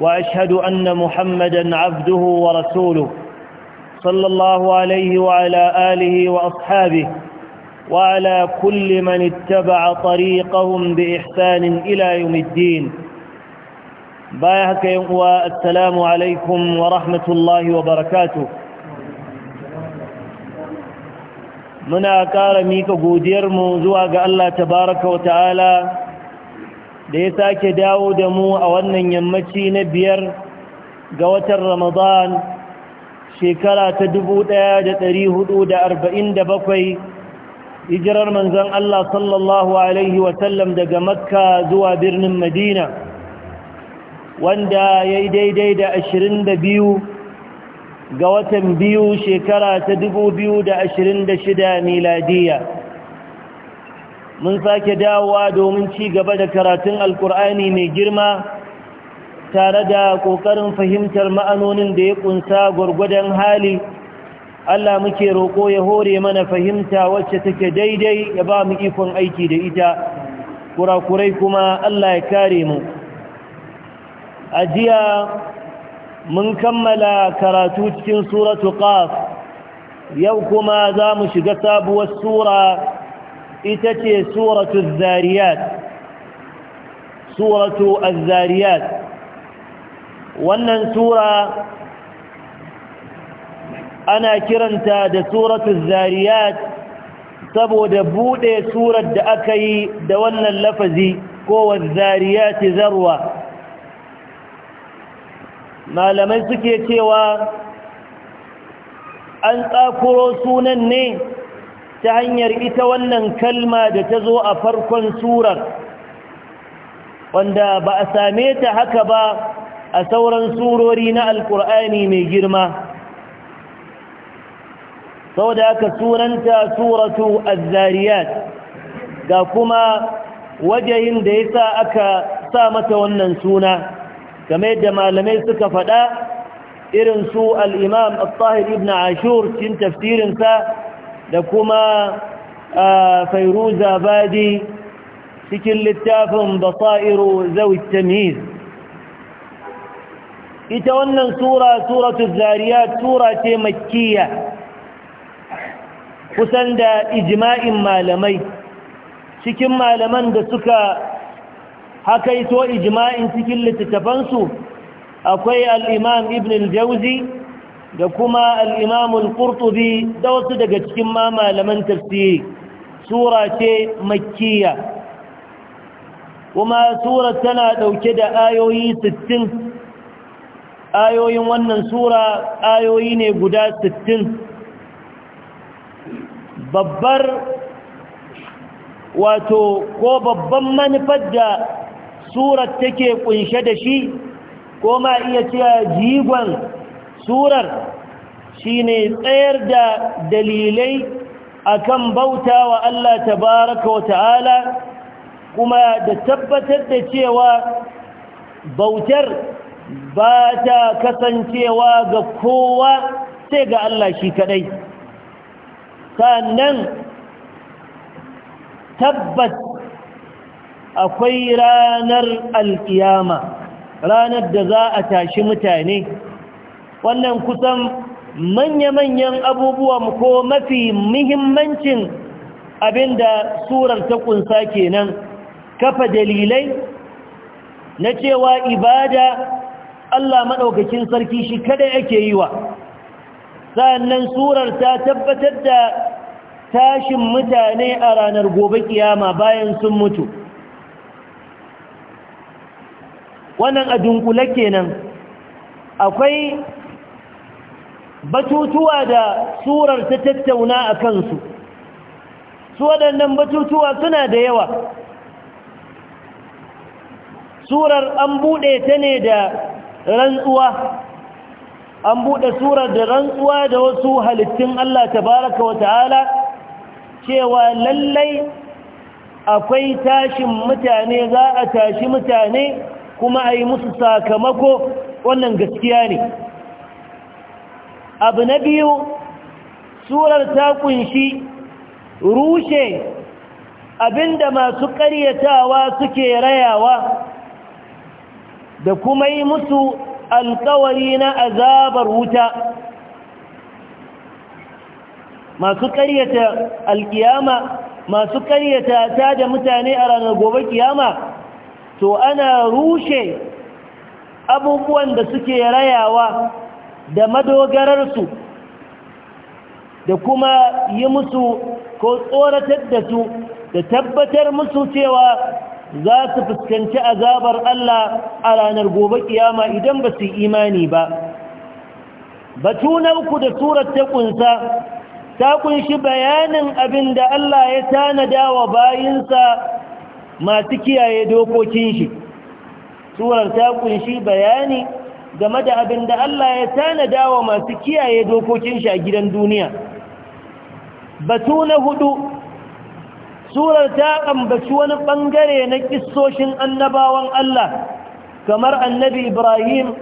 وأشهد أن محمدا عبده ورسوله صلى الله عليه وعلى آله وأصحابه وعلى كل من اتبع طريقهم بإحسان إلى يوم الدين بايهك والسلام عليكم ورحمة الله وبركاته muna ƙara mika godiyarmu zuwa ga Allah tabaraka da ya sake dawo da mu a wannan yammaci na biyar ga watan ramadan shekara ta bakwai, hijirar manzon Allah sallallahu alaihi wasallam daga makka zuwa birnin madina wanda ya yi daidai da ashirin da biyu ga watan biyu shekara ta shida miladiya mun sake dawowa domin ci gaba da karatun alkur'ani mai girma tare da ƙoƙarin fahimtar ma'anonin da ya ƙunsa gwargwadon hali Allah muke roƙo ya hore mana fahimta wacce take daidai ya ba mu ikon aiki da ita kurakurai kuma Allah ya kare mu a jiya mun kammala karatu cikin suratu qaf yau kuma za mu shiga sabuwar sura ita ce suratu zariyat suratu zariyat wannan sura ana kiranta da suratu zariyat saboda bude surar da aka yi da wannan lafazi ko zariyat zarwa malamai suke cewa an tsakuro sunan ne ta hanyar ita wannan kalma da ta zo a farkon surar wanda ba a same ta haka ba a sauran surori na alkur'ani mai girma sau da aka suranta suratu azzariyat ga kuma wajayin da ya sa aka sa mata wannan suna game da malamai suka faɗa irin su al'imam al-tahir ibn ashur cikin tafsirinsa da kuma fairuza badi cikin littafin basairu zawi tamiz ita wannan sura suratul zariya sura ce makkiya kusan da ijma'in malamai cikin malaman da suka hakaito ijma'in cikin littattafansu akwai al'imam ibn al-jauzi da kuma al'imamun ƙurtubi da wasu daga cikin ma malaman tafsiri sura ce makkiya kuma sura tana ɗauke da ayoyi 60 ayoyin wannan sura ayoyi ne guda 60 babbar wato ko babban manufar da surar take kunshe da shi ko ma iya cewa jigon surar shine tsayar da dalilai akan bauta wa Allah tabaraka wa ta'ala kuma da tabbatar da cewa bautar ba ta kasancewa ga kowa sai ga Allah shi kadai sannan tabbas akwai ranar al'iyama, ranar da za a tashi mutane wannan kusan manya-manyan abubuwa ko mafi muhimmancin abinda surar ta kunsa kenan kafa dalilai na cewa ibada Allah maɗaukakin sarki shi kada yake yi wa sa'annan surar ta tabbatar da tashin mutane a ranar gobe kiyama bayan sun mutu wannan a dunkule kenan akwai batutuwa da surar ta tattauna a kansu su waɗannan batutuwa suna da yawa surar an buɗe ta ne da rantsuwa an buɗe surar da rantsuwa da wasu halittun Allah tabaraka wa ta'ala cewa lallai akwai tashin mutane za a tashi mutane kuma a yi musu sakamako wannan gaskiya ne abu na biyu surar ta kunshi rushe abinda masu karyatawa suke rayawa da kuma yi musu alkawari na azabar wuta masu karyata alkiyama masu karyata ta da mutane a ranar gobe kiyama to ana rushe abubuwan da suke rayawa da madogararsu da kuma yi musu ko tsoratar da su da tabbatar musu cewa za su fuskanci azabar Allah a ranar gobe kiyama idan ba su imani ba batu na uku da surar ta kunsa ta kunshi bayanin abin da Allah ya tanada wa bayinsa masu kiyaye dokokin shi Turar ta kunshi bayani game da abin da Allah ya tanada wa masu kiyaye dokokin shi a gidan duniya batu na hudu surar ta ambaci wani bangare na ƙisoshin annabawan Allah kamar annabi Ibrahim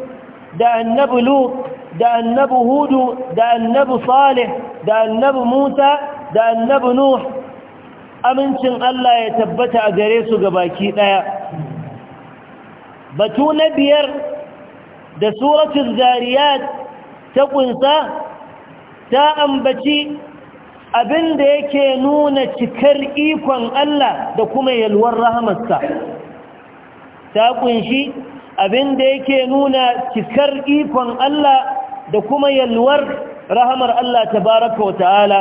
da annabi Lut da annabi Hudu da annabi Salih da annabi Musa da annabi Nuh amincin Allah ya tabbata a gare su gabaki ɗaya. batu na biyar da suratul zariyat ta kunsa ta ambaci abinda yake nuna cikar ikon Allah da kuma yalwar rahamarsa ta kunshi abinda yake nuna cikar ikon Allah da kuma yalwar rahamar Allah tabaraka wa ta'ala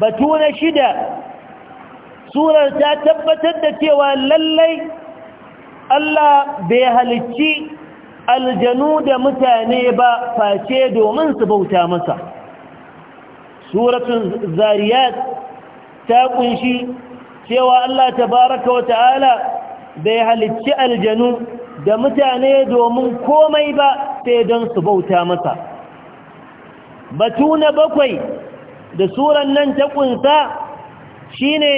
batu na shida surar ta tabbatar da cewa lallai Allah bai halicci aljanu da mutane ba face domin su bauta masa suratun zariyat ta kunshi cewa Allah tabaraka wa ta'ala bai halicci aljanu da mutane domin komai ba sai don su bauta masa batu na bakwai da suran nan ta kunsa shine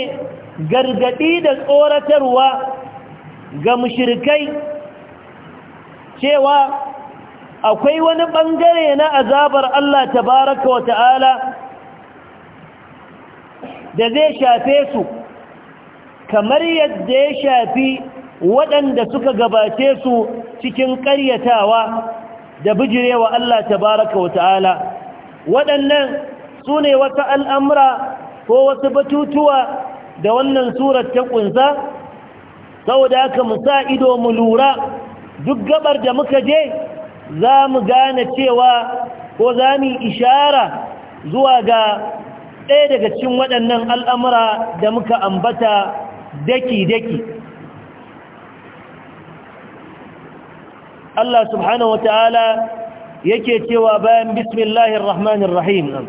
gargadi da tsoratarwa ga mushrikai cewa akwai wani bangare na azabar Allah tabaraka wa ta'ala da zai shafe su kamar yadda ya shafi waɗanda suka gabace su cikin ƙaryatawa da bijirewa Allah tabaraka wa ta'ala waɗannan su ne wata al'amura ko wasu batutuwa da wannan surar ta ƙunsa sau da mu sa ido mu lura duk gabar da muka je za mu gane cewa ko za mu ishara zuwa ga ɗaya daga cikin waɗannan al'amura da muka ambata daki-daki Allah subhanahu wa ta'ala yake cewa bayan bismillahir rahmanir rahim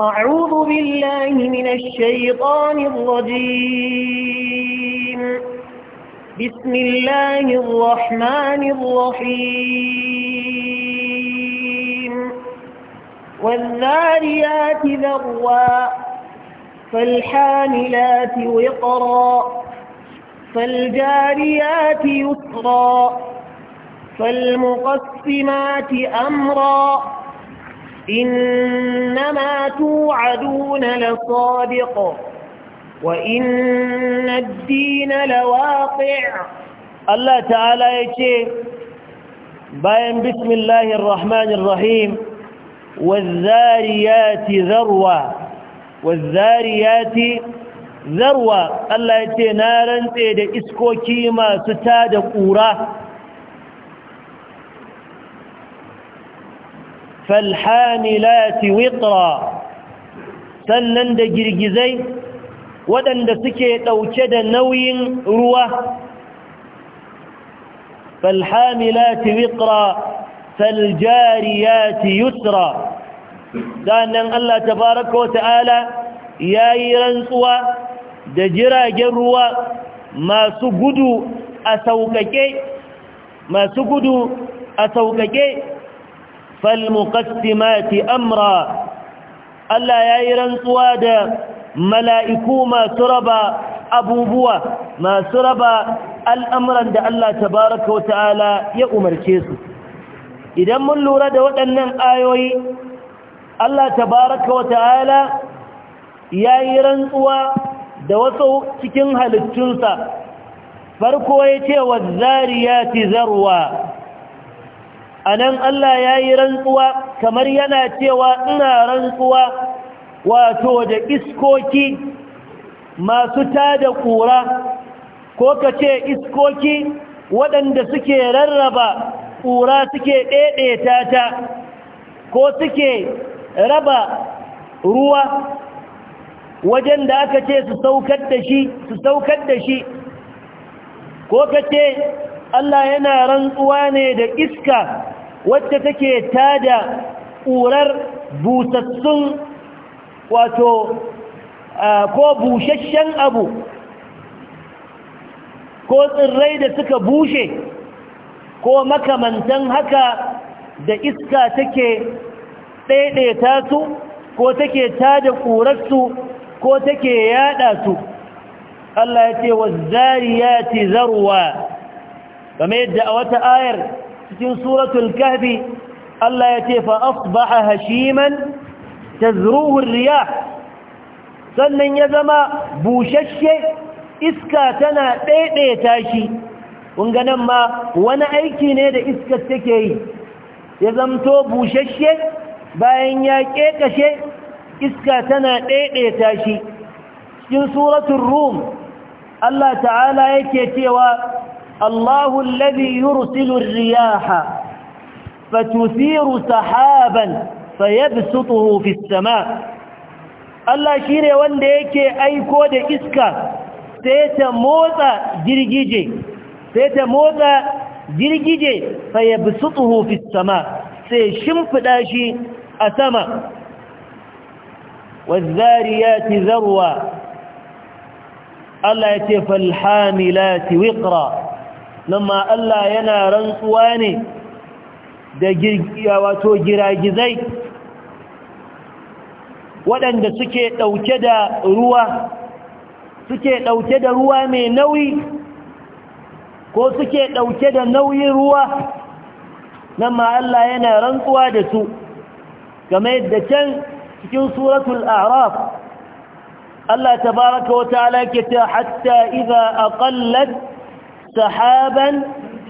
أعوذ بالله من الشيطان الرجيم بسم الله الرحمن الرحيم والذاريات ذروا فالحاملات وقرا فالجاريات يسرا فالمقسمات أمرا إنما توعدون لصادق وإن الدين لواقع الله تعالى يتي باين بسم الله الرحمن الرحيم والذاريات ذروة والذاريات ذروة الله يتي نارا تيد إسكو كيما ستاد قورا فالحاملات وطرا سنن دا جرجزين waɗanda suke ɗauke da nauyin ruwa falhamilati wiqra faljariyati yusra sannan Allah tabaraka wa ta'ala yayi rantsuwa da jiragen ruwa masu gudu a sauƙaƙe masu gudu a sauƙaƙe falmuqassimati amra Allah yayi rantsuwa da mala'iku masu raba abubuwa masu raba al'amuran da Allah tabaraka wata'ala ya umarce su idan mun lura da waɗannan ayoyi Allah tabaraka wata'ala ya yi rantsuwa da wasu cikin halittunsa farko ya ce wa zariyati zarwa a nan Allah ya yi rantsuwa kamar yana cewa ina rantsuwa wato da iskoki masu tada ƙura ko ka ce iskoki waɗanda suke rarraba ƙura suke ɗaiɗaita ta ko suke raba ruwa wajen da aka ce su saukar da shi su saukar da shi ko ka ce Allah yana rantsuwa ne da iska wacce take tada ƙurar busassun wato ko bushashen abu ko tsirrai da suka bushe ko makamantan haka da iska take ɗaiɗaita su ko take tada ƙurarsu ko take yaɗa su Allah ya ce wa zariyati zarwa game da a wata ayar cikin suratul kahfi Allah ya ce fa asbaha hashiman tazruhu riya sannan ya zama bushashshe iska tana ɗaiɗaita shi kunga nan ma wani aiki ne da iska take yi ya zamto bushashshe bayan ya ƙeƙashe iska tana ɗaiɗaita shi cikin suratun rum Allah ta'ala yake cewa الله الذي يرسل riyaha فتثير sahaban fayabsutuhu fis sama Allah shine wanda yake aiko da iska sai ta motsa girgije sai ta motsa girgije fayabsutuhu fis sama sai shimfida shi a sama والذاريات ذروا Allah ya ce falhamilati wiqra lamma Allah yana rantsuwa ne da wato giragizai waɗanda suke ɗauke da ruwa suke ɗauke da ruwa mai nauyi ko suke ɗauke da nauyin ruwa nan ma Allah yana rantsuwa da su game da can cikin suratul araf Allah tabaraka wa ta'ala ke ta hatta idza aqallat sahaban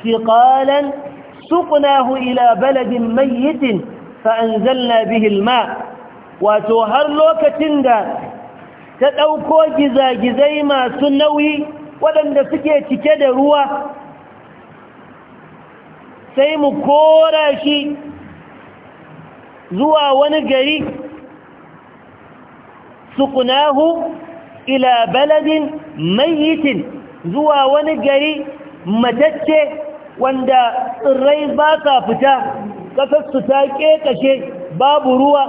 thiqalan سقناه إلى بلد ميت فأنزلنا به الماء وتوهر لوكة دا تتوكو جزا جزي ما سنوي ولن دسكي تكد روى سيم كوراشي زوى ونقري سقناه إلى بلد ميت زوى ونقري متتشي wanda tsirrai ba sa fita ƙasarsu ta ƙeƙashe babu ruwa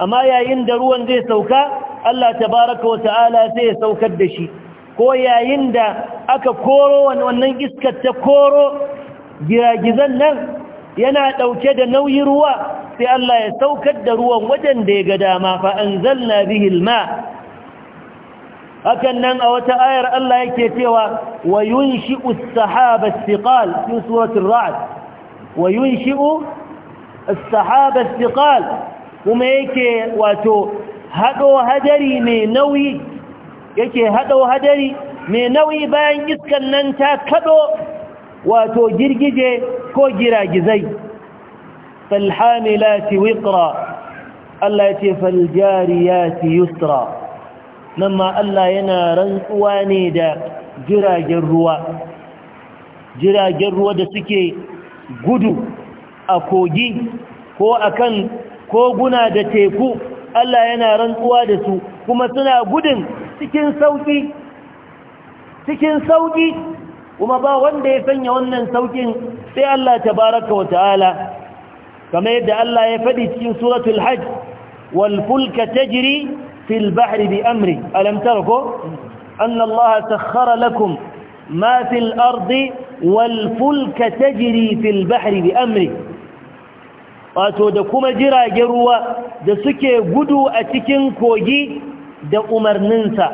amma yayin da ruwan zai sauka Allah tabaraka wa ta'ala sai ya saukar da shi ko yayin da aka koro wannan iskar ta koro giragizan nan yana ɗauke da nauyi ruwa sai Allah ya saukar da ruwan wajen da ya ga dama fa na bihi hilma. hakan nan a wata ayar Allah yake cewa wa yunshi'u as-sahaba as-thiqal fi suratul ra'd wa yunshi'u as-sahaba thiqal kuma yake wato hado hadari mai nauyi yake hado hadari nauyi bayan iskan nan ta kado wato girgije ko giragizai falhamilati wiqra Allah ya ce faljariyati yusra nan ma Allah yana rantsuwa ne da jiragen ruwa jiragen ruwa da suke gudu a kogi ko akan koguna da teku Allah yana rantsuwa da su kuma suna gudun cikin sauki cikin sauki kuma ba wanda ya sanya wannan saukin sai Allah tabaraka wa ta'ala kamar yadda Allah ya faɗi cikin suratul hajj wal fulka tajri في البحر بأمري ألم تركوا أن الله سخر لكم ما في الأرض والفلك تجري في البحر بأمري واتو دكما جرى جروا دسكي قدو أتكين كوجي دا أمر ننسى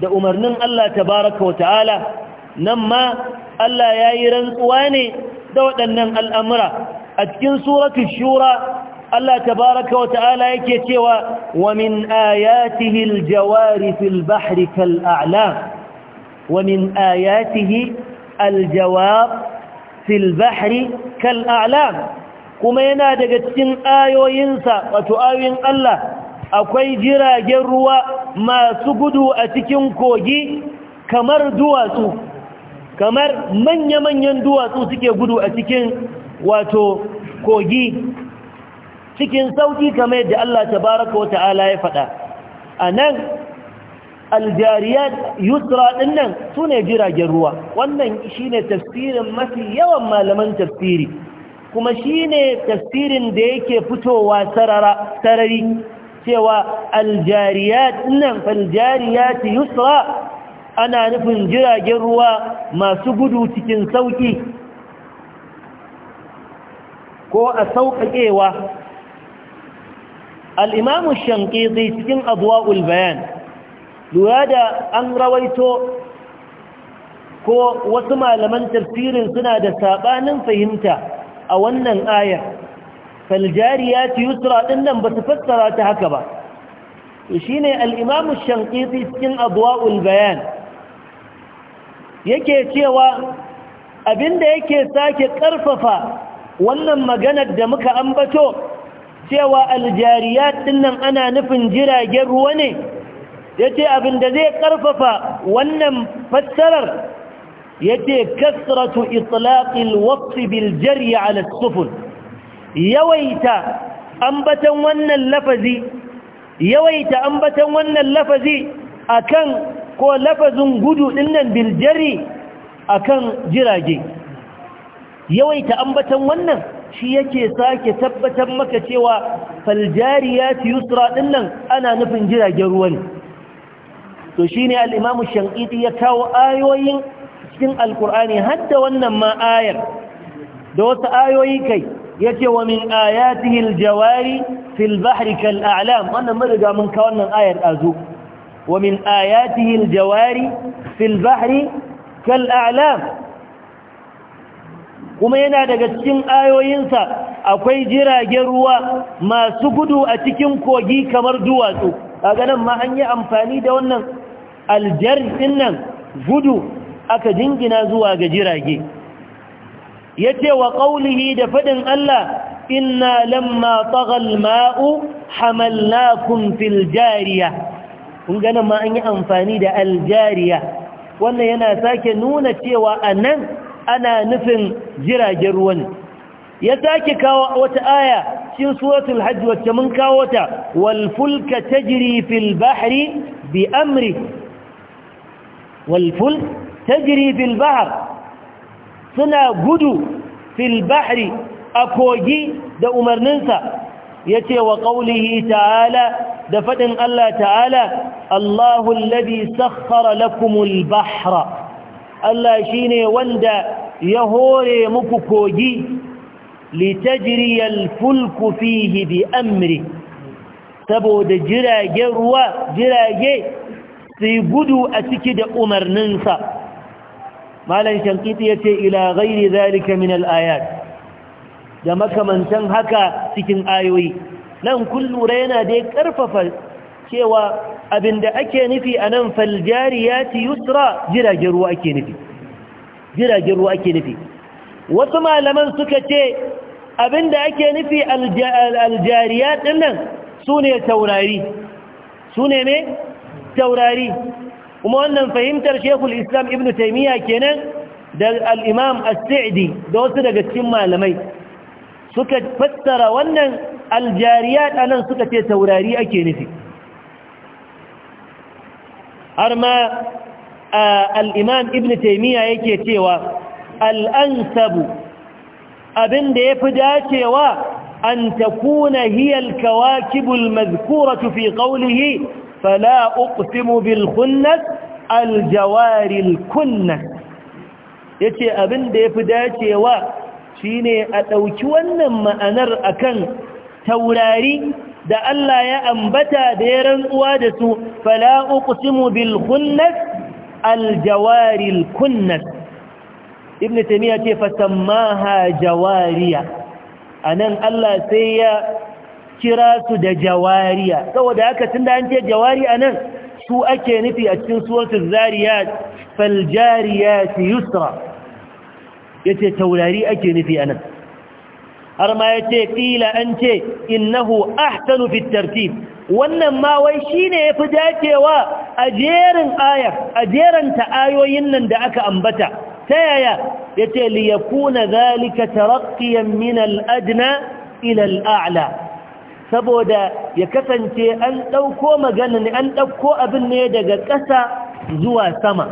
دا أمر نن الله تبارك وتعالى نما الله إيران واني دا وطنن الأمر أتكين سورة الشورى Allah tabaraka wa ta'ala yake cewa wa min ayatihi aljawari fil bahri kal a'lam wa min fil bahri kal kuma yana daga cikin ayoyinsa wato ayoyin Allah akwai jiragen ruwa masu gudu a cikin kogi kamar duwatsu kamar manya-manyan duwatsu suke gudu a cikin wato kogi cikin sauƙi kamar yadda Allah tabaraka wa ta'ala ya faɗa anan aljariyat yusra dinnan sune jiragen ruwa wannan shine tafsirin mafi yawan malaman tafsiri kuma shine tafsirin da yake fitowa sarari cewa aljariyat dinnan yusra ana nufin jiragen ruwa masu gudu cikin sauƙi ko a sauƙaƙewa الإمام cikin سكن bayan lura da an rawaito ko wasu malaman tafsirin suna da sabanin fahimta a wannan aya faljariyat yusra din ɗinnan ba su fassara ta haka ba shine ne imam ash cikin adwa'ul bayan yake cewa abinda yake sake ƙarfafa wannan maganar da muka ambato cewa aljariyat dinnan ana nufin jiragen ruwa ne yace abin da zai karfafa wannan fassarar yace kasratu itlaq alwaqf biljari ala as-sufun yawaita ambatan wannan lafazi yawaita ambatan wannan lafazi akan ko lafazin gudu dinnan biljari akan jirage yawaita ambatan wannan shi yake sake tabbatar maka cewa faljari ya yusra ɗinnan ana nufin jiragen ruwa ne to shine ne imamu shankiti ya kawo ayoyin cikin alkur'ani hadda wannan ma ayar da wasu ayoyi kai yace wa min ayatihi al-jawari fil bahri kal a'lam wannan mun mun wannan ayar zo. wa min ayatihi jawari fil bahri kal a'lam kuma yana daga cikin ayoyinsa akwai jiragen ruwa masu gudu a cikin kogi kamar duwatsu kaga ganin ma an yi amfani da wannan aljar nan gudu aka jingina zuwa ga jirage yace wa qawlihi da faɗin Allah inna lamma tagha mau hamalnakum fil jariya kun ganin ma an yi amfani da aljariya wannan yana sake nuna cewa a nan. ana nufin jiragen ruwan ya sake kawo wata aya cikin suratul hajj wacce mun kawo ta wal fulka tajri fil bahri bi amri wal ful tajri fil bahr suna gudu fil bahri a kogi da umarninsa ya ce wa ƙaunihi ta'ala da faɗin Allah ta'ala Allahun labi sakhara lakumul bahra Allah shine wanda ya hore muku kogi litajri fulku fihi bi amri saboda jirage ruwa jirage sai gudu a ciki da umarninsa malam shankiti yace ila ghairi zalika min alayat da makamantan haka cikin ayoyi nan kun yana dai karfafa cewa abinda ake nufi a nan faljariyati yusra jiragen ruwa ake nufi jiragen ruwa ake nufi wasu malaman suka ce abinda ake nufi aljariya ɗin nan su ne taurari su ne ne taurari kuma wannan fahimtar shekul islam ibn taimiyya kenan da al'imam as-sa'idi da wasu daga cikin malamai suka fassara wannan aljariya nan suka ce taurari ake nufi har ma al'imam ibn taimiyya yake cewa al'ansabu abin da ya fi dacewa an ta kuna hiyar kawakibul mazkura tufi ƙaunihi fala uqsimu bil kunnas aljawaril kunnas ya ce abin da ya fi dacewa shine a ɗauki wannan ma'anar akan taurari da Allah ya ambata da ya rantsuwa da su fala uqsimu bil khunnas al ibn taymiya ce fa sammaha jawariya anan Allah sai ya kira su da jawariya saboda haka da an ce jawari anan su ake nufi a cikin suratul zariyat fal jariyat yusra yace taurari ake nufi anan har ma ya ce ƙila an ce innahu ahtanu fit tartib wannan ma wai shine yafi dacewa a jerin ayar a jerin ta ayoyin nan da aka ambata ta yaya yace li yakuna zalika tarqiyan min al-adna ila al-a'la saboda ya kasance an dauko magana ne an dauko abin ne daga ƙasa zuwa sama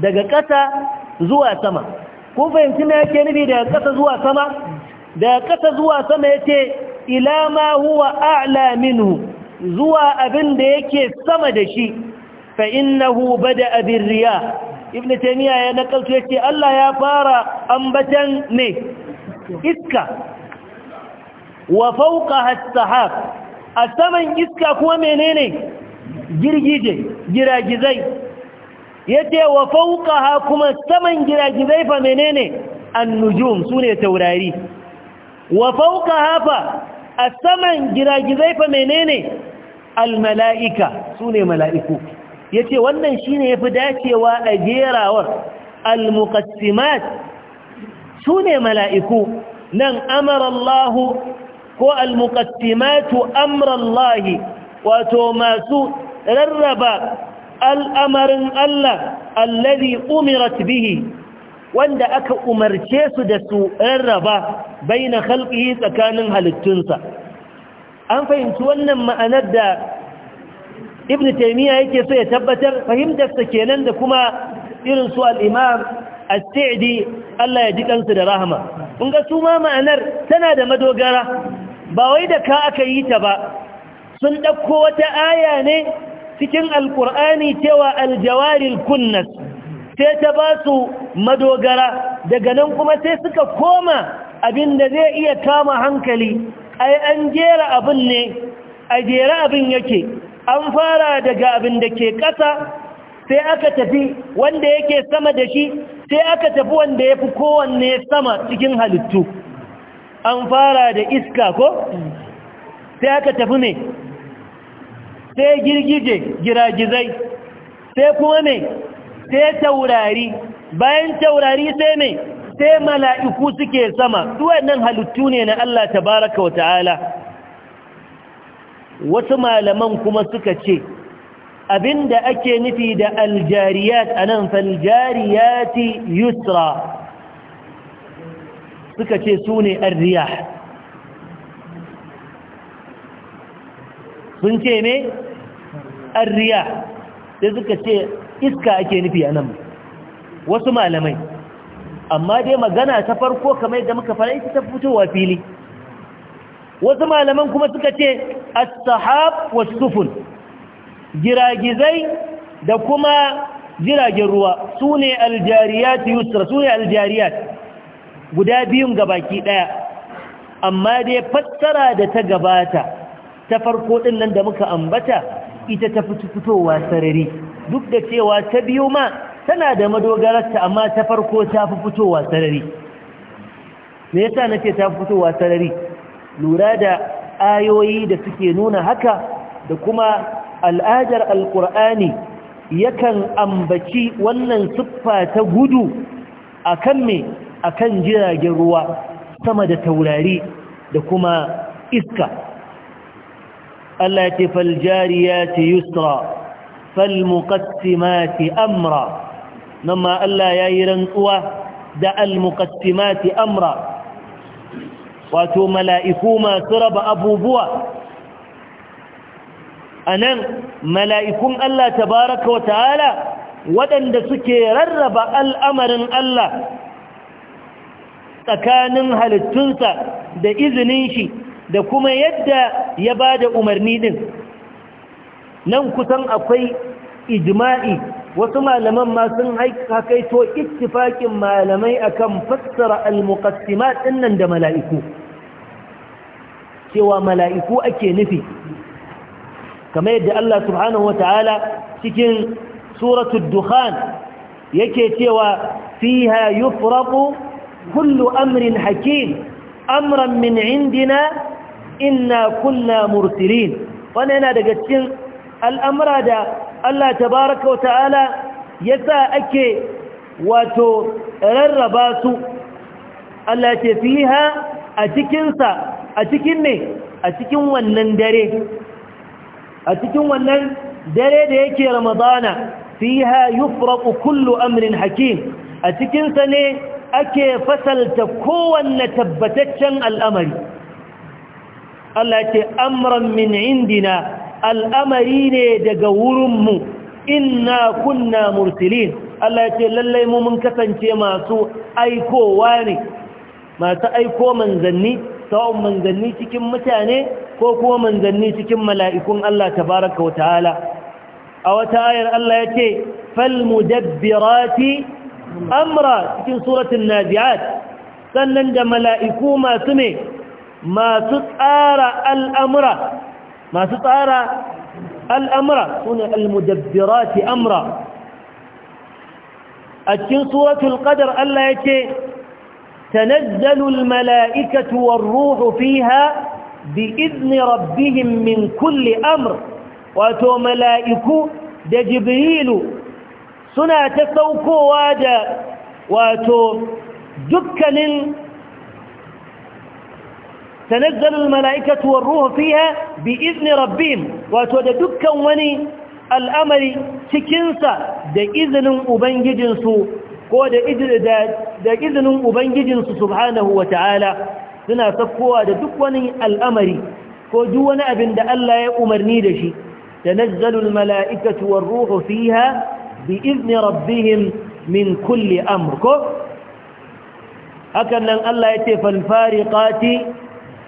daga ƙasa zuwa sama ko fahimci ne yake nufi daga ƙasa zuwa sama da kasa zuwa sama yace ila ma huwa a'la minhu zuwa abin da yake sama da shi fa innahu bada'a riya. ibn taymiya ya nakalto yace Allah ya fara ambatan ne iska wa fawqaha as-sahab a saman iska kuma menene girgije giragizai yace wa fawqaha kuma saman giragizai fa menene an-nujum sune taurari wa fauka hafa a saman giragizai fa menene almala'ika su ne mala'iku ya ce wannan shi ne ya fi dacewa a jerawar almukassimat su ne mala'iku nan amarallahu ko almukassimatu amrallahi wato masu rarraba al'amarin Allah allazi umirat bihi wanda aka umarce su da su rarraba baina khalqihi tsakanin halittunsa an fahimci wannan ma'anar da ibn taymiya yake so ya tabbatar fahimtarsa sa kenan da kuma irin su al-imam as Allah ya ji kansu da rahama kun ga su ma ma'anar tana da madogara ba wai da ka aka yi ta ba sun ɗauko wata aya ne cikin Alƙur'ani cewa al kunnas sai ta ba su madogara daga nan kuma sai suka koma abin da zai iya kama hankali ai an jera abin ne a jera abin yake an fara daga abin da ke ƙasa sai aka tafi wanda yake sama da shi sai aka tafi wanda ya fi kowanne sama cikin halittu an fara da iska ko sai aka tafi ne sai girgije giragizai sai kuma ne sai taurari bayan taurari sai mai sai mala'iku suke sama duwannan halittu ne na Allah tabaraka wa ta'ala wasu malaman kuma suka ce abinda ake nufi da aljariyat a nan faljariyati yusra suka ce su ne arriya sun ce ne arriya sai suka ce iska ake nufi a nan wasu malamai amma dai magana ta farko kamar da muka fara ita ta fitowa fili wasu malaman kuma suka ce as-sahab was-sufun giragizai da kuma jiragen ruwa sune al-jariyat yusra sune al-jariyat guda biyun gabaki daya amma dai fassara da ta gabata ta farko din nan da muka ambata ita ta fitowa sarari duk da cewa ta biyu ma tana da madogararta amma ta farko ta fi fitowa sarari me yasa nake ta fi fitowa sarari lura da ayoyi da suke nuna haka da kuma al'ajar alkur'ani yakan ambaci wannan siffa ta gudu akan me akan jiragen ruwa sama da taurari da kuma iska Allah ya ce faljariya ce yusra falmuqassimati amra nan ma Allah ya yi rantsuwa da almuqassimati amra wato mala'iku masu raba abubuwa a nan mala'ikun Allah tabaraka wa ta'ala waɗanda suke rarraba al'amarin Allah tsakanin halittunsa da izinin shi da kuma yadda ya ba da umarni ɗin. nan kusan akwai ijma'i wasu malaman ma sun hakaito ittifaƙin malamai akan fassara al-muqassimat dinnan da mala'iku cewa mala'iku ake nufi kamar yadda Allah subhanahu wata'ala cikin suratul duhan yake cewa fiha yufraqu kullu amrin hakim amran min indina inna kunna mursilin wannan yana daga cikin al'amura da Allah tabaraka wa ta'ala ya sa ake wato rarraba su Allah fi ha a cikinsa a cikin ne a cikin wannan dare a cikin wannan dare da yake ramadana fi ha yi yufraqu kullu amrin hakim a cikinsa ne ake fasalta kowanne tabbataccen al'amari Allah ce amran min indina al'amari ne daga wurinmu inna kunna mursilin Allah ya ce lallai mu mun kasance masu aikowa ne masu aiko manzanni sawon manzanni cikin mutane ko kuma manzanni cikin mala'ikun Allah tabaraka wa ta'ala a wata ayar Allah ya ce falmudabbirati amra cikin suratun nazi'at sannan da mala'iku masu ne masu tsara al'amura ما ستعرى الأمر هنا المدبرات امرا أتشن سوره القدر ألا يتي تنزل الملائكة والروح فيها بإذن ربهم من كل أمر واتو ملائك دا جبريل سنة تسوكو واجا واتو دكن تنزل الملائكة والروح فيها بإذن ربهم وتددك وني ا ل أ م ر تكنس د إ ذ ن أ ب ن ج ن س سبحانه وتعالى سنا تقوى تدك وني ا ل أ م ر كودون أ تنزل الملائكة والروح فيها بإذن ربهم من كل أمر م ر ك أ ك ن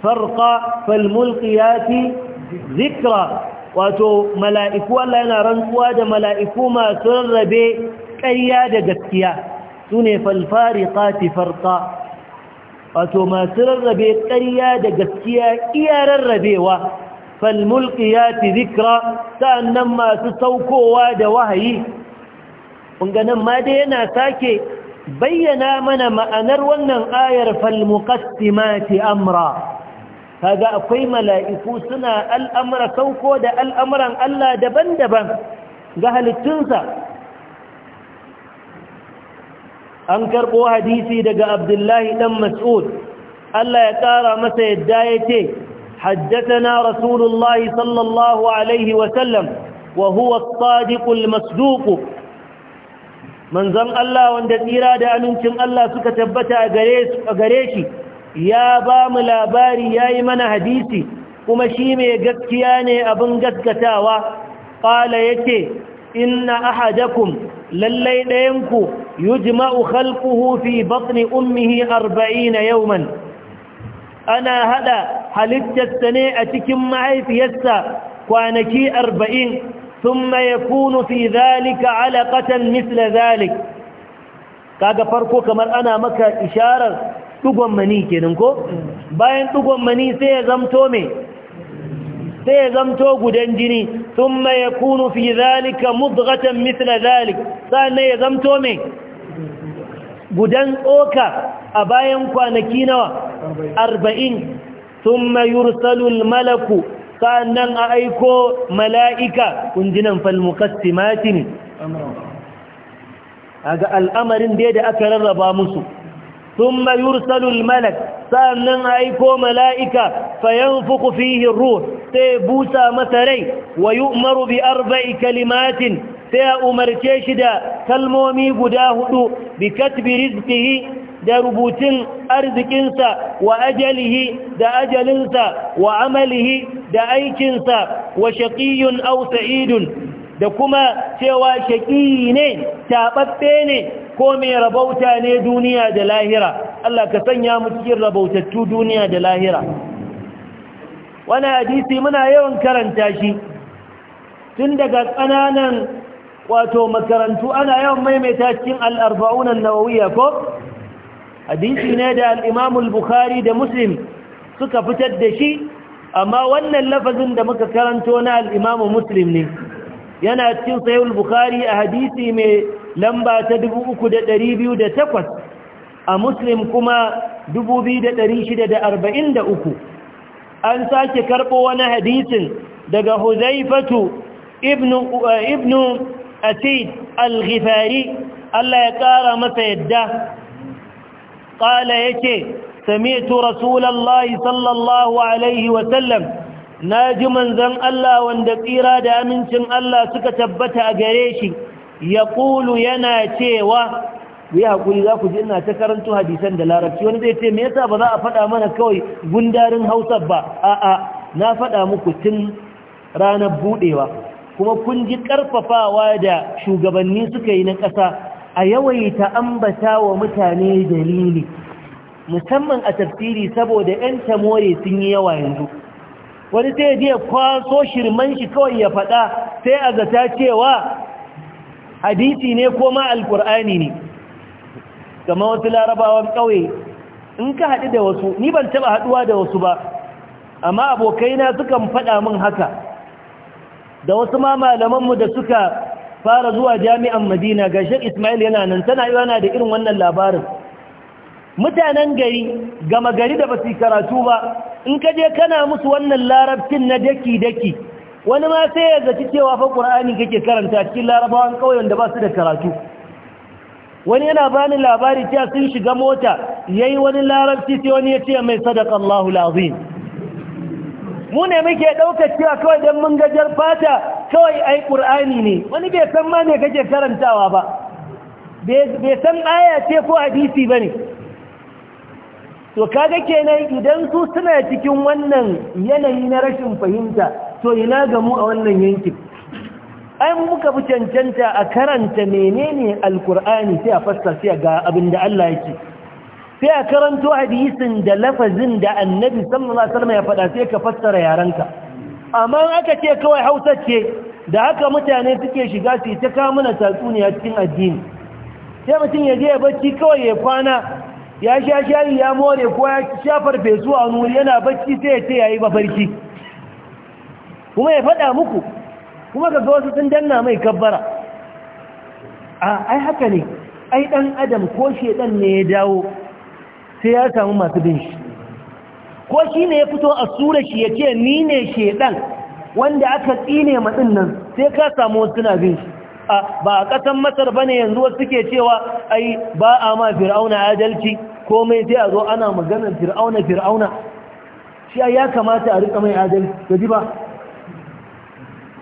farqa fal mulqiyati zikra wato mala'iku Allah yana rantsuwa da mala'iku masu rarrabe ƙarya da gaskiya su ne falfariƙati farƙa wato masu rarrabe ƙarya da gaskiya iya rarrabewa falmulƙiyati zikra sa'annan masu saukowa da wahayi ƙunganin ma dai yana sake bayyana mana ma'anar wannan ayar falmuƙassimati amra kaga akwai mala'iku suna al'amura sauko da al'amuran Allah daban-daban ga halittunsa an karɓo hadisi daga abdullahi ɗan mas'ud Allah ya ƙara masa yadda ya ce حدثنا رسول الله صلى الله عليه وسلم وهو الصادق المصدوق من زم الله وندثيرا da amincin Allah suka tabbata a gare shi ya ba mu labari ya yi mana hadisi kuma shi mai gaskiya ne abin gaskatawa ƙala ya ce inna ahadakum lallai ɗayanku yujma'u khalquhu fi batni ummihi arba'ina yawman ana hada halittarsa ne a cikin mahaifiyarsa kwanaki arba'in ثم يكون في ذلك علقة مثل ذلك kaga farko kamar ana maka isharar dugon mani kenan ko bayan dugon mani sai ya zamto me sai ya zamto gudan jini thumma yakunu fi zalika mudghatan mithla zalik sannan ya zamto me gudan tsoka a bayan kwanaki nawa sun thumma yursalu malaku sannan a aiko mala'ika kunjinan falmukassimati ne a ga al'amarin da aka rarraba musu ثم يرسل الملك سأنن أيكو ملائكة فينفق فيه الروح تبوسى مثري ويؤمر بأربع كلمات تأمر كيشدا كالمومي قداهد بكتب رزقه da rubutun arzikinsa wa ajalihi da ajalinsa wa amalihi da aikinsa wa shaqiyun aw sa'idun da kuma cewa shaƙi ne taɓaɓɓe ne ko mai rabauta ne duniya da lahira Allah ka sanya mu cikin rabautattu duniya da lahira wani hadisi muna yawan karanta shi tun daga ƙananan wato makarantu ana yawan maimaita cikin al'arba'unan nawawiya ko hadisi ne da al'imamul bukhari da muslim suka fitar da shi amma wannan lafazin da muka karanto na al'imamu muslim ne yana cikin sayul bukhari a hadisi mai lamba ta 3208 a muslim kuma 2643 an sake karɓo wani hadisin daga huzaifatu ibnu eh, ibnu asid al-ghifari Allah ya ƙara masa yadda qala yake sami'tu rasulullahi sallallahu alaihi wa sallam na ji manzan Allah wanda tsira da amincin Allah suka tabbata a gare shi ya ƙulu yana cewa ya hakuri za ku ji ina ta karanto hadisan da larabci wani zai ce me yasa ba za a faɗa mana kawai gundarin hausa ba a'a na faɗa muku tun ranar buɗewa kuma kun ji ƙarfafawa da shugabanni suka yi na ƙasa a yawaita ambata wa mutane dalili musamman a tafsiri saboda 'yan tamore sun yi yawa yanzu wani sai ya jiya kwaso shirman shi kawai ya faɗa sai a zata cewa hadisi ne ko ma alkur'ani ne Kamar wasu larabawan ƙauye in ka haɗu da wasu ni ban taɓa haɗuwa da wasu ba amma abokaina sukan faɗa min haka da wasu ma malamanmu da suka fara zuwa jami'an madina ga shek ismail yana nan tana yi yana da irin wannan labarin mutanen gari gama gari da ba su karatu ba in ka je kana musu wannan larabcin na daki-daki wani ma sai ya zaci cewa fa ƙur'ani kake karanta cikin larabawan kauyen da ba su da karatu wani yana ba ni labari cewa sun shiga mota yayi wani larabci sai wani ya ce mai sadaka Allahu azim mu ne muke ɗaukar cewa kawai don mun gajar fata kawai ai ƙur'ani ne wani bai san ma ne kake karantawa ba bai san aya ce ko hadisi ba ne to kaga kenan idan su suna cikin wannan yanayi na rashin fahimta to ina ga mu a wannan yankin ai muka fi cancanta a karanta menene alkur'ani sai a fassa sai ga abin da Allah yake sai a karanto hadisin da lafazin da annabi sallallahu alaihi wasallam ya faɗa sai ka fassara yaranka amma aka ce kawai Hausa ce da haka mutane suke shiga su ta kawo mana tatsuniya cikin addini sai mutum ya je ya bacci kawai ya kwana ya sha shayi ya more ko ya sha fesu, a nuri yana bacci sai ya ce ya yi mafarki kuma ya faɗa muku kuma ka ga wasu sun danna mai kabbara a ai haka ne ai ɗan adam ko shedan ne ya dawo sai ya samu masu bin shi ko shi ne ya fito a tsura shi ya ce ni ne shedan wanda aka tsine matsin nan sai ka samu wasu suna bin shi ba a ƙasan masar ba ne yanzu wasu suke cewa ai ba a ma fir'auna adalci komai sai a zo ana maganar fir'auna fir'auna shi ya kamata a rika mai adal gaji ba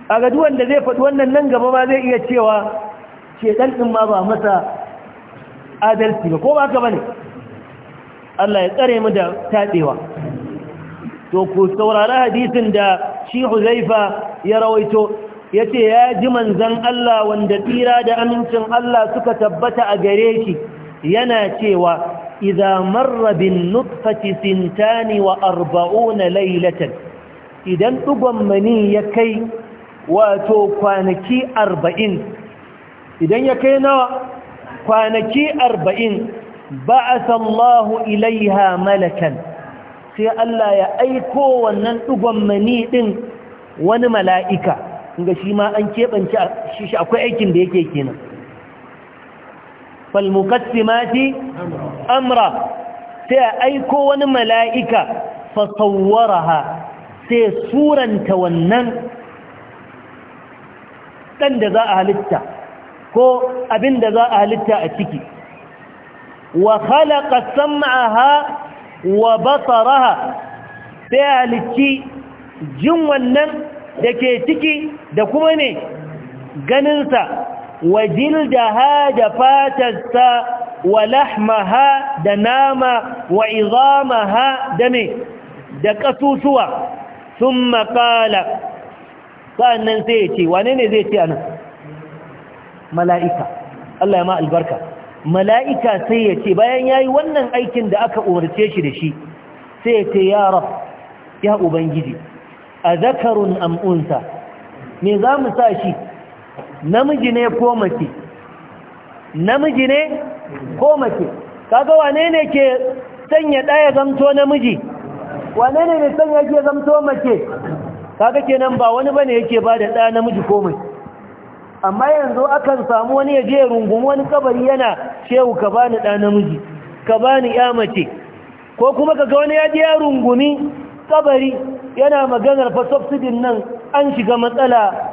a gaji wanda zai faɗi wannan nan gaba ba zai iya cewa shedan ɗin ma ba masa adalci ba ko ba ka bane Allah ya tsare mu da taɗewa to ku saurari hadisin da shi Huzaifa ya rawaito ce ya ji manzan Allah wanda tsira da amincin Allah suka tabbata a gare shi yana cewa إذا مر بالنطفة سنتان وأربعون ليلة إذا تقمني يكي وتوقانكي أربعين إذا يكينا قانكي أربعين بعث الله إليها ملكا في ألا يأيكو ونن تقمني إن ونملائكة إن شما أنكيب أنشاء شيش أكو أيكين بيكي كينا falmukassimati amra sai a aiko wani mala'ika fasawaraha sai suranta wannan ɗan da za a halitta ko abin da za a halitta a ciki wa khalaqa sam'aha wa basaraha sai halicci jin wannan da ke ciki da kuma ne ganinsa wa da da fatarsa wa lahmaha da nama wa izamaha da me da kasusuwa sun makala anan sai ya ce wane ne zai ce a mala'ika Allah ya ma albarka mala'ika sai ya ce bayan ya yi wannan aikin da aka umarce shi da shi sai ya ce ya rab ya ubangiji a zakarun am'unsa me za mu sa shi namiji ne ko mace namiji ne ko mace kaga wane ne ke sanya ɗaya zamto namiji wane ne ne sanya ke zamto mace kaga kenan ba wani bane yake ba da ɗa namiji ko mace amma yanzu akan samu wani ya je rungun wani kabari yana shehu ka bani ɗa namiji ka bani ya mace ko kuma kaga wani ya je ya rungumi kabari yana maganar fa subsidin nan an shiga matsala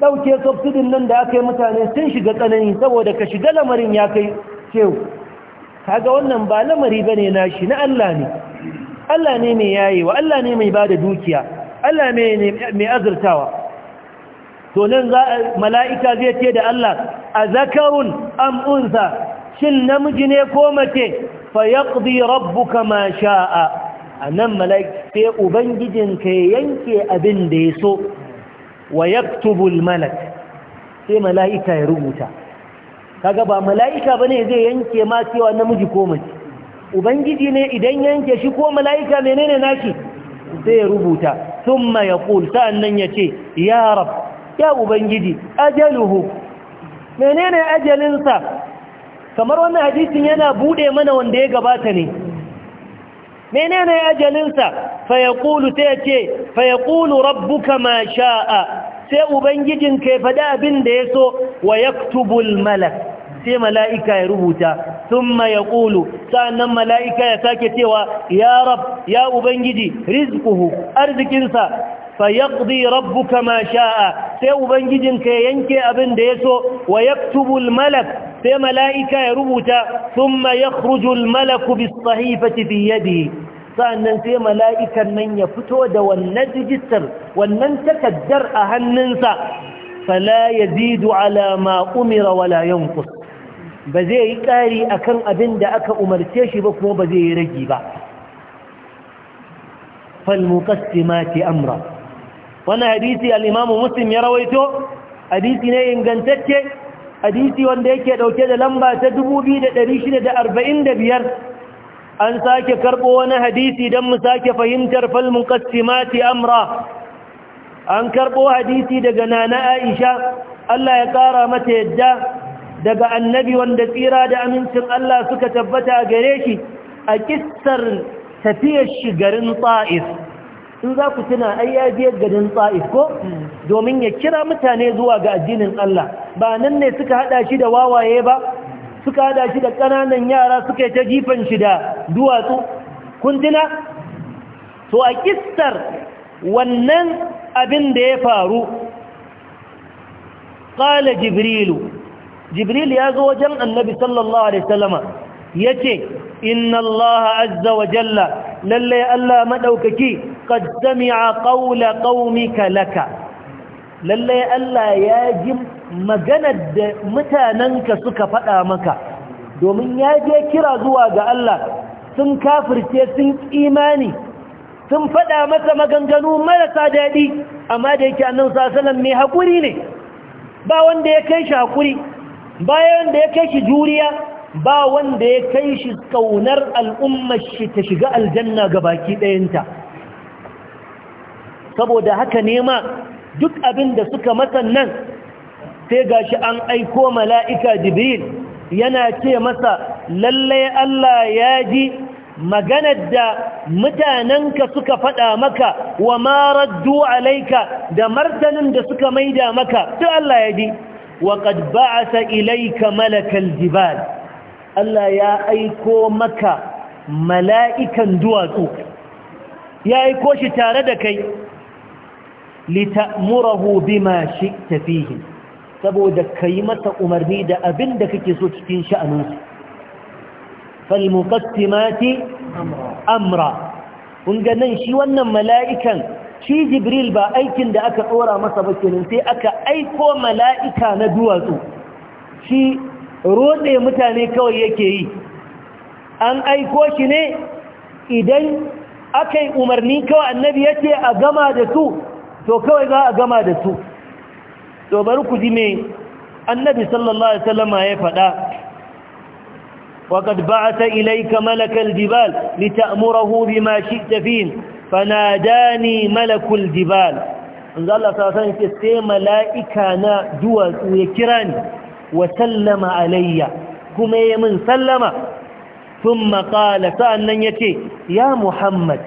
ɗauke subsidin nan da aka yi mutane sun shiga tsanani saboda ka shiga lamarin ya kai cewu kaga wannan ba lamari ba ne nashi na Allah ne Allah ne mai yayewa Allah ne mai ba da dukiya Allah mai azurtawa to nan mala'ika zai ce da Allah a zakarun amunsa shin namiji ne ko mace fa ya ƙudi rabbuka ma sha'a a nan mala'ika sai ubangijinka ya yanke abin da ya so wa al malak sai mala'ika ya rubuta kaga ba mala'ika bane zai yanke ma cewa namiji ko mace ubangiji ne idan yanke shi ko mala'ika menene naki sai ya rubuta thumma yaqul sa'annan yace ya rab ya ubangiji ajaluhu menene sa kamar wannan hadisin yana bude mana wanda ya gabata ne menene sa fa yaqulu ta yace fa yaqulu rabbuka ma sha'a sai ubangijin kai faɗi abin da ya so wa yaktubul malak sai mala'ika ya rubuta sun ya ƙulu sa'annan mala'ika ya sake cewa ya rab ya ubangiji rizkuhu arzikinsa فيقضي rabbuka ma sha'a sai ka ya yanke abin da so wa yaktubu malak sai malaika ya rubuta thumma yakhruju almalaku bisahifati da yadihi sannan sai malaikan nan ya fito da wannan rijistar. wannan takaddar a hannunsa fala yazidu ala ma umira wala yanqus ba zai yi ƙari akan abin da aka umarce shi ba kuma ba zai yi ragi ba fal muqassimati amra wannan hadisi al-imamu muslim ya rawaito hadisi ne ingantacce hadisi wanda yake dauke da lamba ta 2645 an sake karbo wani hadisi don mu sake fahimtar fal muqassimati amra an karɓo hadisi daga nana aisha Allah ya ƙara mata yadda daga annabi wanda tsira da amincin Allah suka tabbata a gare shi a kissar tafiyar shi garin ta'if in za ku tuna ai garin ta'if ko domin ya kira mutane zuwa ga addinin Allah ba nan ne suka haɗa shi da wawaye ba suka hada shi da ƙananan yara suka ta jifan shi da duwatsu kun tuna to a kissar wannan abin da ya faru ƙala jibrilu jibril ya zo wajen annabi sallallahu alaihi wasallama ya ce inna allaha azza wa jalla lallai allah maɗaukaki qad sami'a qawla qaumika laka lallai allah ya ji maganar da mutanenka suka faɗa maka domin ya je kira zuwa ga allah sun kafirce sun imani sun faɗa masa maganganu marasa daɗi amma da yake annan sasalan mai haƙuri ne ba wanda ya kai shi haƙuri ba wanda ya kai shi juriya ba wanda ya kai shi ƙaunar al'ummar shi ta shiga aljanna ga baki ɗayanta saboda haka nema duk abin da suka masa nan sai gashi an aiko mala'ika jibril yana ce masa lallai Allah ya ji maganar da mutanenka suka faɗa maka wa maraddu alaika da martanin da suka maida maka tu Allah ya di wa qad ba'atha ilayka malakal jibal Allah ya aiko maka mala'ikan duwatsu ya aiko shi tare da kai lita'murahu bima shi fihi saboda kai masa umarni da abin da kake so cikin sha'aninsu falmuqassimati amra kun nan shi wannan mala'ikan shi jibril ba aikin da aka ɗora masa ba kenan sai aka aiko mala'ika na duwatsu shi rode mutane kawai yake yi an aiko shi ne idan aka umarni kawai annabi ya ce a gama da su to kawai za a gama da su to bari ku ji me annabi sallallahu alaihi wasallama ya faɗa وقد بعث إليك ملك الجبال لتأمره بما شئت فيه فناداني ملك الجبال أنزل الله صلى الله عليه وسلم سي ملائكنا دوس ويكراني وسلم علي كما يمن سلم ثم قال سألنا يكي يا محمد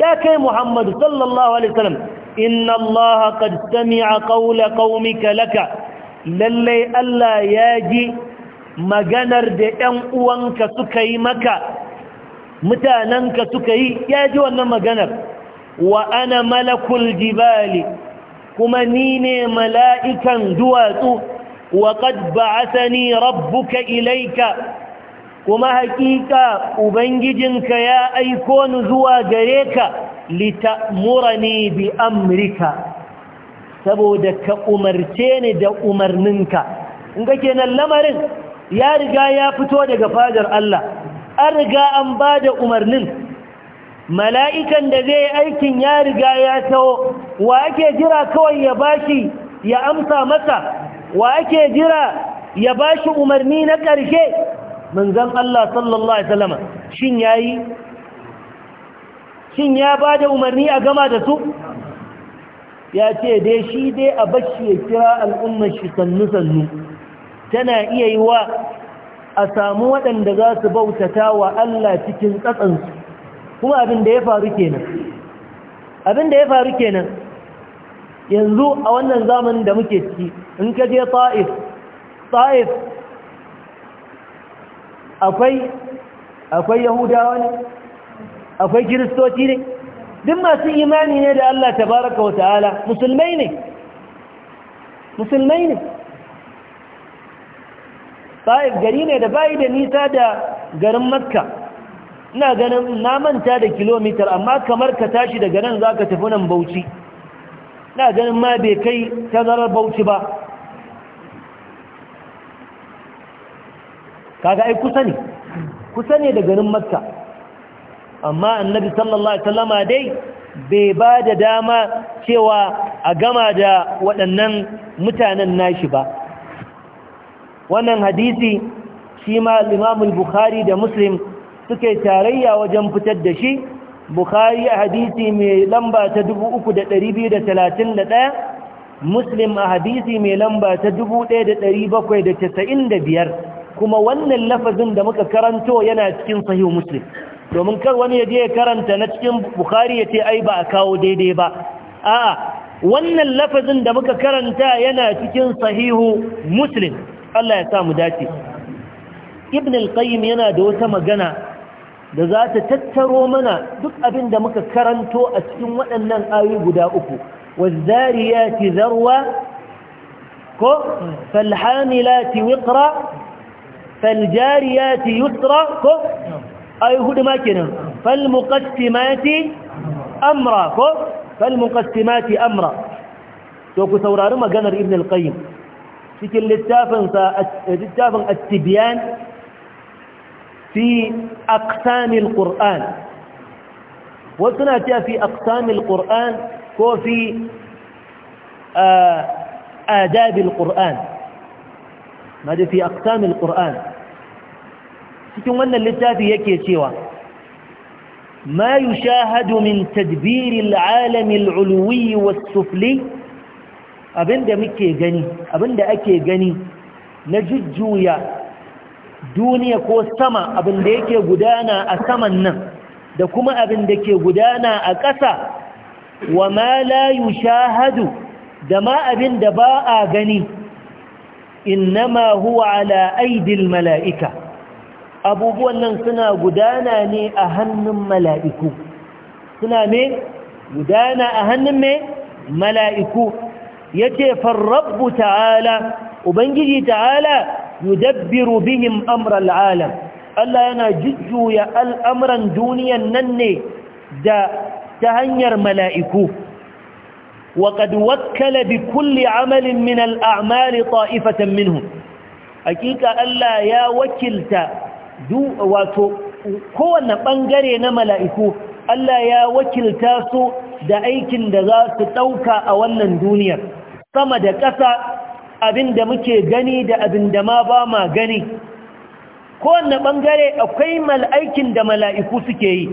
يا كي محمد صلى الله عليه وسلم إن الله قد سمع قول قومك لك للي ألا ياجي maganar da ‘yan uwanka suka yi maka mutanenka suka yi ya ji wannan maganar wa ana malakul jibali kuma ni ne mala'ikan duwatsu wa qad ba'athani rabbuka ilaika kuma haƙiƙa ubangijinka ya aiko ni zuwa gare ka ne bi amrika saboda ka umarce ni da umarninka in kake nan lamarin ya riga ya fito daga fadar Allah an riga an ba da umarnin mala'ikan da zai aikin ya riga ya tawo wa ake jira kawai ya bashi ya amsa masa wa ake jira ya bashi umarni na ƙarshe manzan Allah sallallahu Alaihi shin ya yi shin ya ba da umarni a gama da su ya ce dai shi dai a bashi ya kira al'ummar shi sannu-sannu tana iya yi wa a samu waɗanda za su bautata wa Allah cikin tsatsansu kuma abin da ya faru kenan abin da ya faru kenan yanzu a wannan zamanin da muke ciki in ka je ta'if ta'if akwai akwai yahudawa ne akwai kiristoci ne duk masu imani ne da Allah ta baraka wa ta'ala musulmai ne musulmai ne ta'if gari ne da bayi da nisa da garin makka ina ganin na manta da kilomitar amma kamar ka tashi daga nan za ka tafi nan bauchi ina ganin ma bai kai tazarar bauchi ba kaga ai kusa ne kusa ne da garin makka amma annabi sallallahu alaihi wasallama dai bai ba da dama cewa a gama da waɗannan mutanen nashi ba wannan hadisi shi ma limamul bukhari da muslim suke tarayya wajen fitar da shi bukhari a hadisi mai lamba ta 3231 muslim a hadisi mai lamba ta 1795 kuma wannan lafazin da muka karanto yana cikin sahihu muslim domin kar wani yaje ya karanta na cikin bukhari ya ce ai ba a kawo daidai ba a'a wannan lafazin da muka karanta yana cikin sahihu muslim Allah ya sa mu dace ibn al-qayyim yana da wata magana da za ta tattaro mana duk abin da muka karanto a cikin waɗannan ayoyi guda uku wazariyati zarwa ko falhamilati wiqra faljariyati yusra ko ayi hudu ma kenan falmuqaddimati amra ko falmuqaddimati amra to ku saurari maganar ibn al-qayyim cikin littafin attibiyan fi aksamil ƙur'an wasu na cewa fi aksamil ƙur'an ko fi adabil ƙur'an ma da fi aksamil ƙur'an cikin wannan littafi yake cewa ما يشاهد من تدبير العالم العلوي والسفلي abinda muke gani abinda ake gani na jujjuya duniya ko sama abinda yake gudana a saman nan da kuma abinda ke gudana a ƙasa wa ma la yushahadu da ma abinda ba a gani innama huwa ala aidil mala'ika abubuwan nan suna gudana ne a hannun mala'iku suna ne gudana a hannun me mala'iku يتي فالرب تعالى وبنجي تعالى يدبر بهم أمر العالم ألا أنا ججو يا الأمر دوني النني دا تهنير ملائكو وقد وكل بكل عمل من الأعمال طائفة منهم أكيد ألا يا وكلتا دو هو نبنجري نملائكو ألا يا وكلتا دا أيكن دغاس توكا أولا دونيا sama da ƙasa abinda muke gani da abinda ma ba ma gani kowane ɓangare akwai mal'aikin da mala'iku suke yi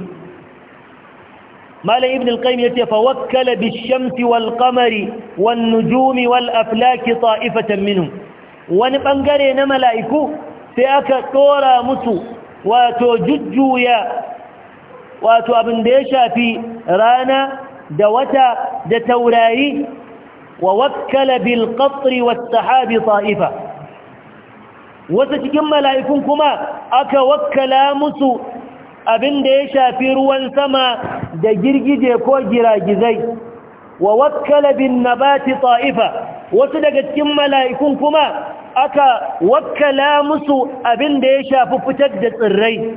malam ibn al-qaim yace fa wakkala bish-shamsi wal-qamari wan-nujumi wal-aflaki ta'ifatan minhum wani ɓangare na mala'iku sai aka tsora musu wato jujjuya wato abin da ya shafi rana da wata da taurari ووكل بالقطر والسحاب طائفة وستجمع لايكونكما أكا وكلا مسو أبن ديشا في روان سما دجرج ديكو جراجزي ووكل بالنبات طائفة وستجمع لايكونكما أكا وكلا مسو أبن ديشا في فتجدت الرئي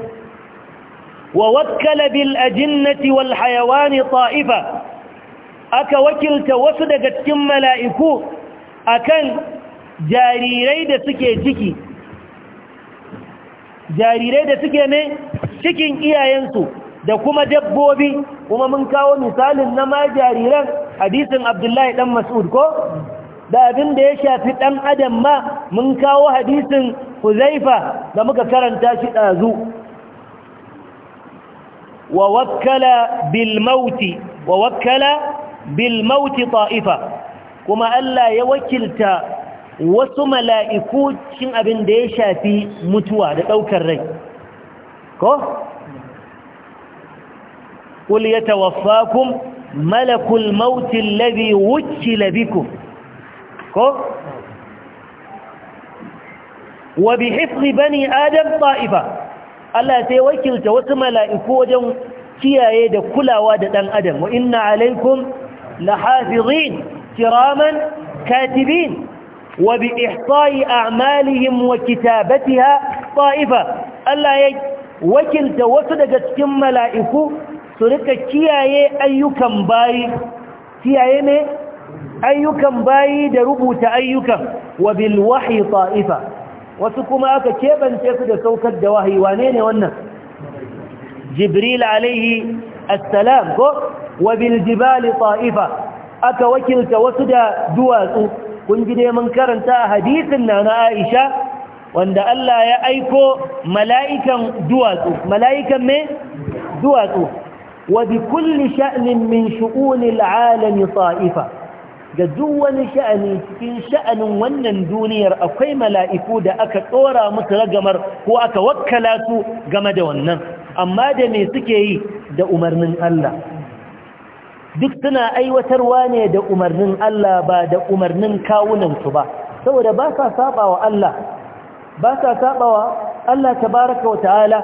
ووكل بالأجنة والحيوان طائفة aka wakilta wasu daga cikin mala'iku akan jarirai da suke ciki jarirai da suke ne cikin iyayensu da kuma dabbobi kuma mun kawo misalin na ma jariran hadisin abdullahi dan mas'ud ko da abin da ya shafi dan adam ma mun kawo hadisin huzaifa da muka karanta shi ɗazu wa wakkala bil mauti wa wakkala bil mauti ta'ifa kuma Allah ya wakilta wasu mala'iku cin abin da ya shafi mutuwa da ɗaukar rai ko? ƙul ya tawaffakum malakul labi wuce labiku ko? wa bi hifri bani adam ta'ifa Allah sai wakilta wasu mala'iku wajen kiyaye da kulawa da ɗan adam wa inna alaikum لحافظين كراما كاتبين وبإحصاء أعمالهم وكتابتها طائفة ألا يج وكل توسدقت كم ملائكو سرقة كياية أيكم باي كياية مي أيكم باي دربو تأيكم وبالوحي طائفة وسكما أكا كيبا تفد سوك الدواهي وانين وانا جبريل عليه السلام wa bil jibali ta'ifa aka wakilta wasu da duwatsu kun ji dai mun karanta hadisin na na Aisha wanda Allah ya aiko mala'ikan duwatsu mala'ikan me duwatsu wa bi kulli sha'nin min shu'unil alami ta'ifa ga duk wani sha'ani cikin sha'anin wannan duniyar akwai mala'iku da aka tsora musu ragamar ko aka wakkala su game da wannan amma da me suke yi da umarnin Allah duk suna aiwatarwa ne da umarnin Allah ba da umarnin kawunansu ba saboda ba sa saba wa Allah ba sa saba wa Allah tabaraka wa ta'ala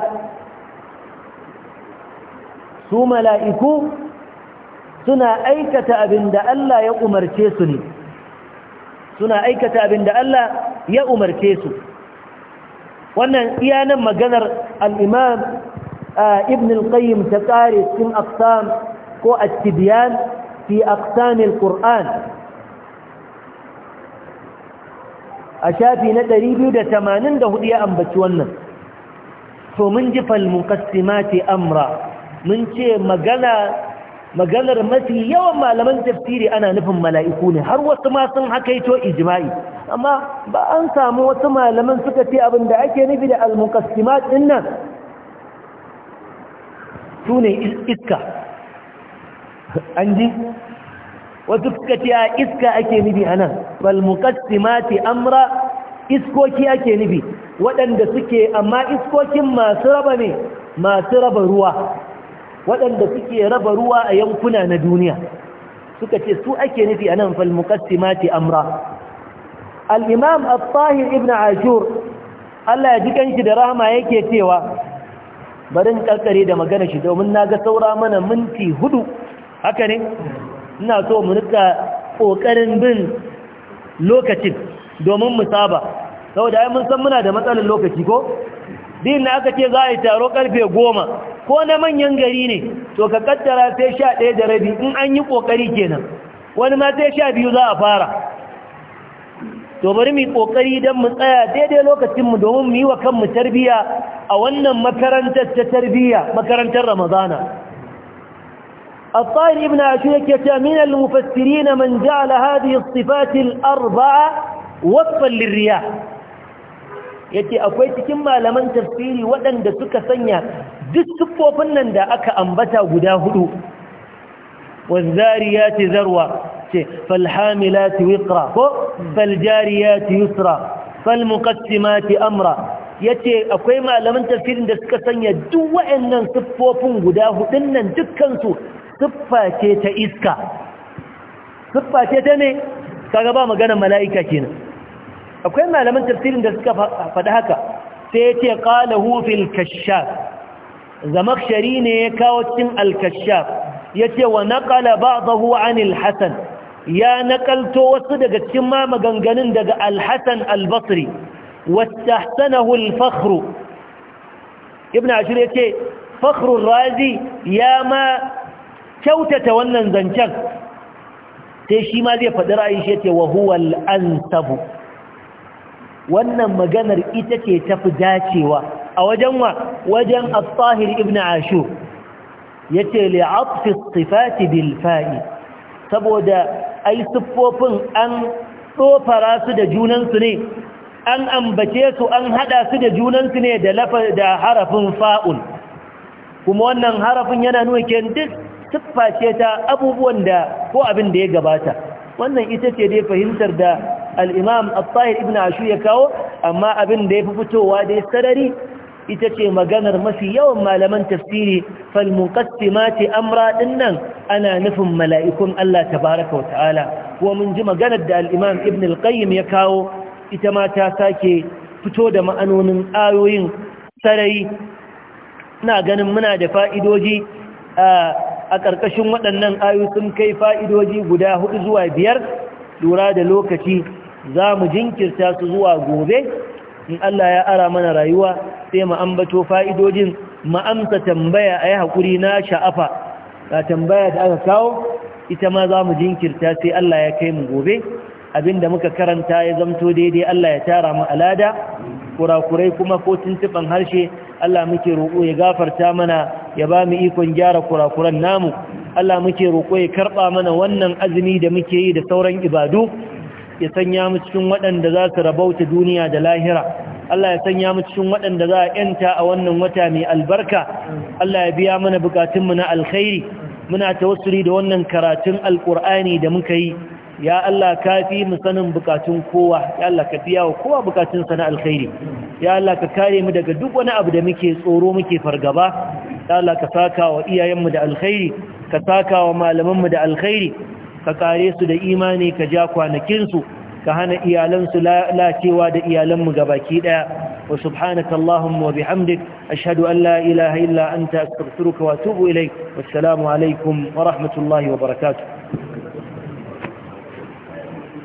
su mala'iku suna aikata abinda Allah ya umarce su ne suna aikata abinda Allah ya umarce su wannan iyanan maganar al'imam ibn al-qayyim ta ƙare cikin aqsam ko at-tibyan fi aqsam al-Qur'an a shafi na 284 ya ambaci wannan to mun ji fal muqassimati amra mun ce magana maganar mafi yawan malaman tafsiri ana nufin mala'iku ne har wasu ma sun hakaito ijma'i amma ba an samu wasu malaman suka ce abin da ake nufi da almukastimat din nan su ne iska an ji wasu suka ce iska ake nufi a nan falmukassimati amra iskoki ake nufi waɗanda suke amma iskokin masu raba ne masu raba ruwa waɗanda suke raba ruwa a yankuna na duniya suka ce su ake nufi a nan falmukassimati amra al'imam al-tahir ibn ashur Allah ya ji kanshi da rahama yake cewa barin ƙarƙare da magana shi domin na ga saura mana minti hudu haka ne ina so mu rika kokarin bin lokacin domin mu saba saboda ai mun san muna da matsalar lokaci ko din na aka ce za a yi taro karfe goma ko na manyan gari ne to ka kaddara sai sha ɗaya da rabi in an yi ƙoƙari kenan wani ma sai sha biyu za a fara to bari mu ƙoƙari don mu tsaya daidai lokacin mu domin mu yi wa kanmu tarbiyya a wannan makarantar ta tarbiyya makarantar ramadana الطاهر ابن عشيكة من المفسرين من جعل هذه الصفات الأربعة وصفا للرياح yace akwai cikin malaman tafsiri waɗanda suka sanya duk siffofin nan da aka ambata guda hudu wazariyati zarwa ce falhamilati wiqra ko faljariyati yusra falmuqassimati amra yace akwai malaman tafsirin da suka sanya duk waɗannan siffofin guda hudun nan dukkan su siffa ce ta iska siffa ce ta ne kaga ba maganar mala'ika kenan akwai malaman tafsirin da suka faɗi haka sai ya ce qalahu fil kashaf zamakshari ne ya kawo cikin al kashaf yace wa naqala ba'dahu anil hasan ya naƙalto wasu daga cikin ma maganganun daga al hasan al basri wastahsanahu al fakhru ibn ashir yace Fakrun razi ya ma kyautata wannan zancen sai shi ma zai faɗi ra'ayi shi ce wa huwal ansabu wannan maganar ita ce tafi dacewa a wajen wa wajen al-tahir ibn ashur yace li'atf as-sifat bil fa'i saboda ai siffofin an tsofara su da junansu ne an ambace su an hada su da junansu ne da lafa da harafin fa'ul kuma wannan harafin yana nuna ken sifface ta abubuwan da ko abin da ya gabata wannan ita ce dai fahimtar da al'imam al-tahir ibn ashu ya kawo amma abin da ya fi fitowa dai sarari ita ce maganar mafi yawan malaman tafsiri falmuqassimati amra dinnan ana nufin mala'ikun Allah tabaraka wa ta'ala kuma mun ji maganar da al'imam ibn al-qayyim ya kawo ita ma ta sake fito da ma'anonin ayoyin sarari ina ganin muna da fa'idoji a a ƙarƙashin waɗannan ayu sun kai fa'idoji guda hudu zuwa biyar lura da lokaci za mu jinkirta su zuwa gobe in Allah ya ara mana rayuwa sai mu ambato fa'idojin amsa tambaya a yi haƙuri na sha'afa ga tambaya da aka kawo ita ma za mu jinkirta sai Allah ya kai mu gobe abinda muka karanta ya zamto daidai Allah ya tara mu alada kurakurai kuma ko tuntuɓan harshe Allah muke roƙo ya gafarta mana ya ba mu ikon gyara kurakuran namu Allah muke roƙo ya karɓa mana wannan azumi da muke yi da sauran ibadu ya sanya mu cikin waɗanda za su rabauta duniya da lahira Allah ya sanya mu cikin waɗanda za a yanta a wannan wata mai albarka Allah ya biya mana buƙatunmu na alkhairi muna tawassuli da wannan karatun alkur'ani da muka yi ya Allah ka fi mu sanin bukatun kowa ya Allah ka biya wa kowa bukatun sana alkhairi ya Allah ka kare mu daga duk wani abu da muke tsoro muke fargaba ya Allah ka saka wa iyayenmu da alkhairi ka saka wa malamanmu da alkhairi ka kare su da imani ka ja kwanakin su ka hana iyalansu lacewa da iyalanmu gabaki daya wa subhanaka allahumma wa bihamdik ashhadu an la ilaha illa anta astaghfiruka wa atubu ilaik wassalamu alaikum wa rahmatullahi wa barakatuh